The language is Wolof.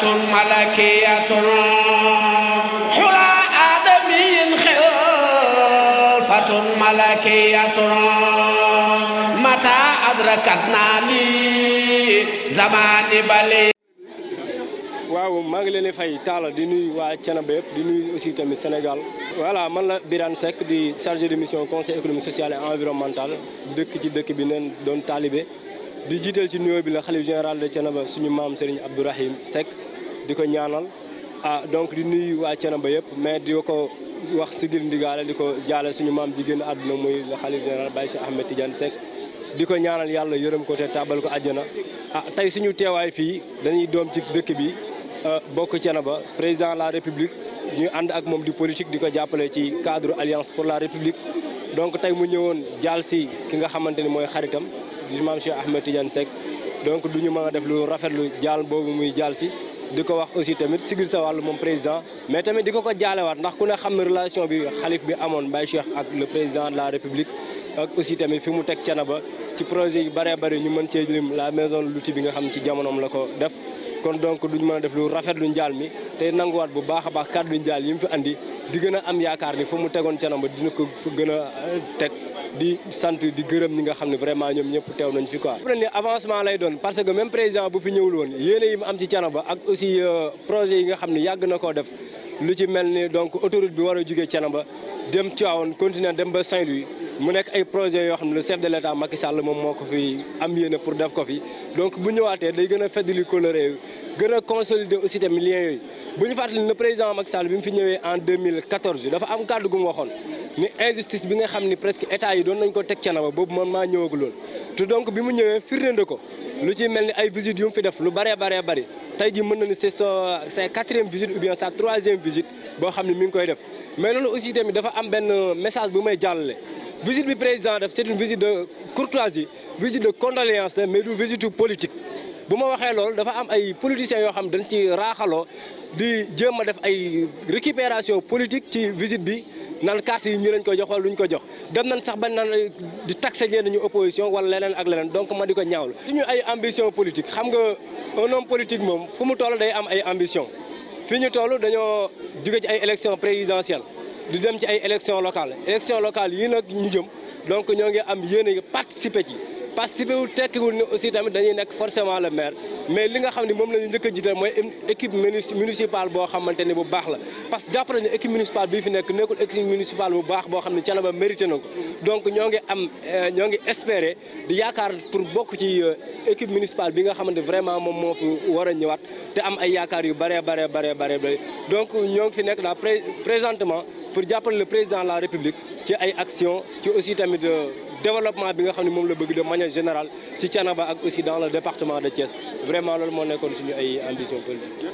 طاعة ملكية حلى آدمي خلفة ملكية متى waaw maa ngi leen fay taalo di nuy waa Thiénaba yëpp di nuyu aussi tamit Sénégal voilà man la Birane Seck di chargé de mission conseil économique social et environnemental dëkk ci dëkk bi neen doon taalibe di jiital ci nuyoo bi la xalif général de Thiénaba suñu maam Serigne Abdourahim Seck diko ñaanal ah donc di nuyu waa ba yépp mais di ko wax sigil ndigaale di ko jaale suñu mam di gën aduna muy xalif general Baye Ahmed Tidiane Sek, diko ko ñaanal yalla yërëm ko te tabal ko aljana ah tay suñu teewaay fi, dañuy doom ci dëkk bi ah, bokk Thiénaba président la république ñu and ak mom di politique diko jappalé ci cadre alliance pour la république donc tay mu ñëwoon jaal si ki nga xamanteni moy xaritam di mam Cheikh Ahmed Tidiane Sek, donc duñu mëna def lu rafet lu rafetlu jaal muy jaal si diko wax aussi tamit sigir sa walu mom président mais tamit diko ko ko wat ndax ku ne xam ne relation bi xalif bi amone bay Cheikh ak le président de la République ak aussi tamit fi mu teg ba ci projet yu bëree bëri ñu mën cee la maison de bi nga xam ci jamonoom la ko def kon donc duñ mëna def lu rafet lu njaal mi tay nangu wat bu baax baax kaddu njaal yim fi andi di gën a am yaakaar ni fu mu tegoon canamba dina ko gën a euh, teg di sant di gërëm ni nga xam ne vraiment ñoom ñëpp teew nañ fi quoi. xam avancement lay doon parce que même président bu fi ñëwul woon yéene yi mu am ci canamba ak aussi euh, projet yi nga xam ne yàgg na koo def lu ci mel ni donc autoroute bi war a jugee canamba dem Tivaouane continuer dem ba Saint-Louis. mu nekk ay yoo xam ne le chef de Sall moom moo ko fi am yéene pour def ko fi donc bu ñëwaatee day gën a feddali coloré gën a consolider aussi tamit liens yooyu bu ñu fàttali ne président Macky Sall bi mu fi ñëwee en 2014 dafa am kàddu gu mu waxoon ni injustice bi nga xam ni presque état yi doon nañ ko teg ca na ba boobu man maa ñëwaguloon te donc bi mu ñëwee firnde ko lu ci mel ni ay visites yu mu fi def lu bëree bëree bëri tey jii mën na ni c'est sa sa quatrième visite ou bien sa troisième visite boo xam ne mi ngi koy def mais loolu aussi tamit dafa am benn message bu may jàllale visite bi président def c'est une visite de courtoisie visite de condoléance mais du visite politique bu ma waxee loolu dafa am ay politiciens yoo xam dañ ci raaxaloo di jëm a def ay récupération politique ci visite bi nan carte yi ñi lañ ko jox wala luñ ko jox dem nañ sax ba nan di taxé leen ñu opposition wala leneen ak leneen donc ma di ko ñaawlu suñu ay ambition politique xam nga un homme politique moom fu mu toll day am ay ambition fii ñu toll dañoo jóge ci ay élection présidentielle di dem ci ay élection locale élection locale yi nag ñu jëm donc ñoo ngi am yéene participer ci que si vous êtes aussi forcément le maire mais ce que je veux municipale parce que d'après l'équipe municipale il équipe municipale bu donc nous euh, espérons, pour beaucoup municipale bi vraiment donc nous présentement pour le président de la république a une action est aussi euh, développement bi nga xam ne moom la bëgg de manière générale ci Thiénaba ak aussi dans le département de Thiès vraiment loolu moo nekkoon suñu ay ambition politique